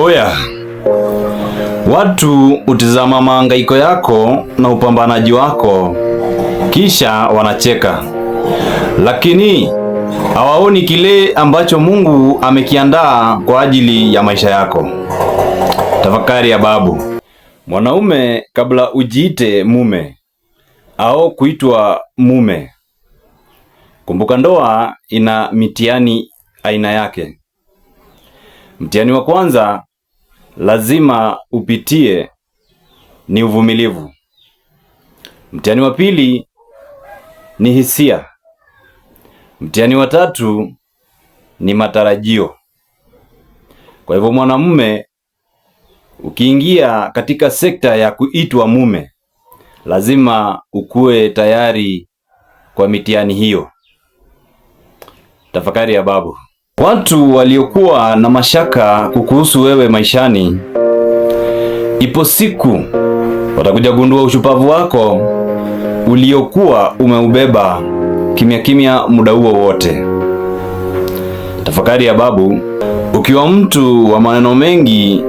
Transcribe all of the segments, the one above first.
Oya, watu utizama mahangaiko yako na upambanaji wako, kisha wanacheka, lakini hawaoni kile ambacho Mungu amekiandaa kwa ajili ya maisha yako. Tafakari ya babu. Mwanaume kabla ujiite mume au kuitwa mume, kumbuka ndoa ina mitihani aina yake. Mtihani wa kwanza lazima upitie ni uvumilivu. Mtihani wa pili ni hisia. Mtihani wa tatu ni matarajio. Kwa hivyo, mwanamume ukiingia katika sekta ya kuitwa mume, lazima ukuwe tayari kwa mitihani hiyo. Tafakari ya babu. Watu waliokuwa na mashaka kukuhusu wewe maishani, ipo siku watakuja gundua ushupavu wako uliokuwa umeubeba kimya kimya muda huo wote. Tafakari ya babu. Ukiwa mtu wa maneno mengi,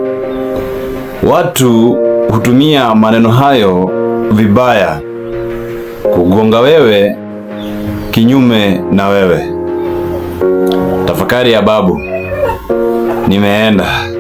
watu hutumia maneno hayo vibaya kugonga wewe kinyume na wewe. Tafakari ya babu, nimeenda.